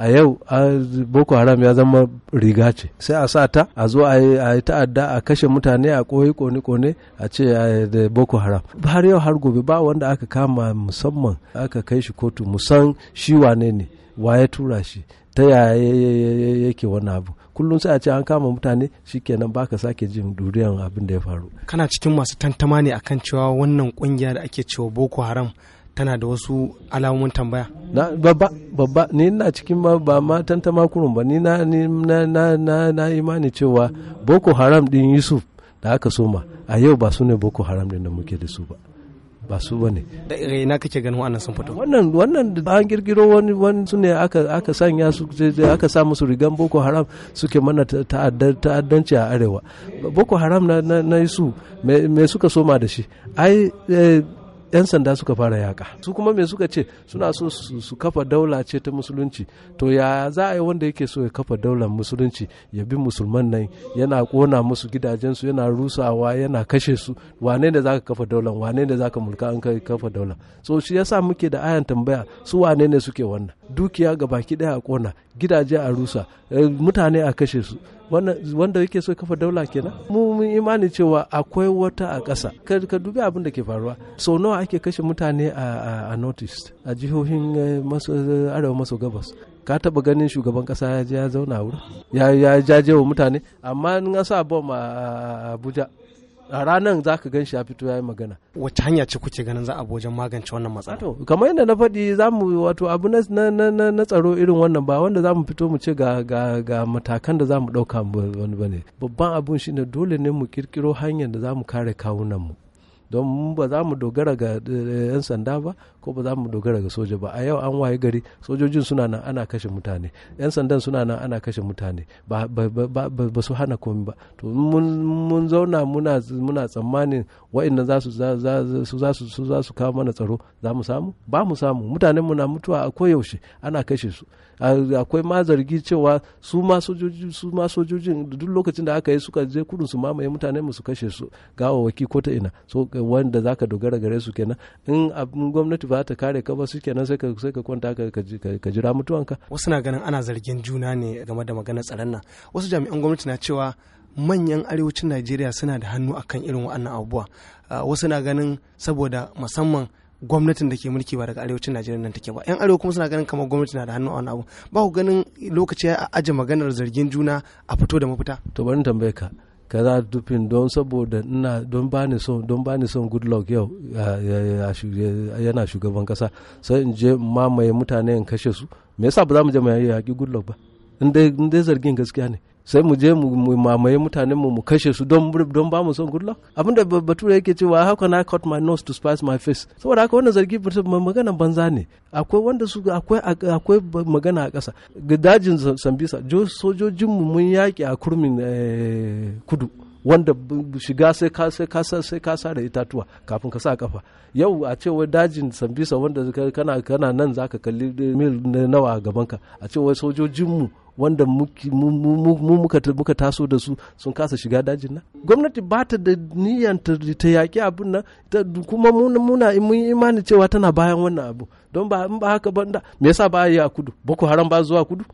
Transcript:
a yau boko haram ya zama riga ce sai a sa ta a zo a yi ta'adda a kashe mutane a koyi kone kone a ce da boko haram har yau har gobe ba wanda aka kama musamman aka kai shi kotu musan shi wane ne wa ya tura shi ta yaya yake wani abu kullum sai a ce an kama mutane shikenan baka sake jin duriyan abin da ya faru kana cikin masu tantama ne akan cewa wannan kungiya da ake cewa boko haram tana da wasu alamomin tambaya na babba babba ni na cikin ma ba ma tantama kurun ba ni na na na na imani cewa boko haram din yusuf da aka soma a yau ba su ne boko haram din da muke da su ba ba su ba ne da ina kake ganin wannan sun fito wannan wannan an girgiro wani wani su ne aka aka sanya su aka sa musu rigan boko haram suke mana ta'addanci a arewa boko haram na na, na su me, me suka soma da shi ai eh, 'yan sanda suka fara yaka su kuma me suka ce suna so su kafa daula ce ta musulunci to ya za a yi wanda yake so ya kafa daular musulunci ya bi musulman nan yana kona musu gidajensu yana rusawa yana kashe su wane da ka kafa daular wane da ka mulka an kai kafa daular so shi yasa muke da ayan tambaya su wane ne suke wannan dukiya ga baki daya a kona gidaje a rusa eh, mutane a kashe su wanda yake so kafa daula kenan mu mun imani cewa akwai wata a ƙasa ka dubi abin da ke faruwa sau nawa ake kashe mutane a north a jihohin eh, arewa maso gabas ka taba ganin shugaban kasa ya je ya zauna wurin ya jaje wa mutane amma in sa bom a abuja a ranar za ka gan shi ya fito ya yi magana. Wace hanya ce kuke ganin za a wajen magance wannan matsala? Wato, kamar yadda na faɗi za mu wato abu na tsaro irin wannan ba wanda za mu fito mu ce ga ga matakan da za mu ɗauka wani ba ne. Babban abun shi ne dole ne mu kirkiro hanyar da za mu kare kawunan mu. Don ba za mu dogara ga eh, eh, 'yan sanda ba ko ba za mu dogara ga soja ba a yau an waye gari sojojin suna nan ana kashe mutane yan sandan suna nan ana kashe mutane ba su hana komi ba to mun zauna muna tsammanin wa'annan za su za su kawo mana tsaro za mu samu ba mu samu mutanen mu na mutuwa a koyaushe ana kashe su akwai ma zargi cewa su ma sojoji su ma sojojin duk lokacin da aka yi suka je kudin su mamaye mutanen mu su kashe su gawawaki ko ta ina so wanda zaka dogara gare su kenan in gwamnati ba ba ta kare ka ba su kenan sai ka kwanta ka jira mutuwanka wasu na ganin ana zargin juna ne game da maganar tsaron nan wasu jami'an gwamnati na cewa manyan arewacin Najeriya suna da hannu akan irin wa'annan abubuwa wasu na ganin saboda musamman gwamnatin da ke mulki ba daga arewacin najeriya nan take ba yan arewa kuma suna ganin kamar gwamnati na da hannu a wannan abu ba ku ganin lokaci a aje maganar zargin juna a fito da mafita to bari tambaye ka kaza dufin don saboda ina don bani son don bani son good luck yau yana shugaban kasa sai in je mamaye mutane in kashe su me yasa ba za mu je mu yaki good luck ba in dai zargin gaskiya ne sai mu je mu mamaye mutanen mu mu kashe su don don ba mu son gurla abinda bature yake cewa how na i cut my nose to spice my face saboda haka wannan zargi magana banza ne akwai wanda su akwai akwai magana a ƙasa dajin sambisa sojojin mu mun yaki a kurmin eh, kudu wanda shiga sai ka sai ka sai ka sa da itatuwa kafin ka sa kafa yau a ce wai dajin sambisa wanda kana kana nan zaka kalli eh, mil eh, nawa gaban ka a ce wai sojojin mu wanda mu muka taso da su sun kasa shiga dajin nan gwamnati ba ta da niyyar ta yaƙi abin nan kuma muna mun imani cewa tana bayan wannan abu don ba in ba haka ba me yasa ba yi a kudu boko haram ba zuwa kudu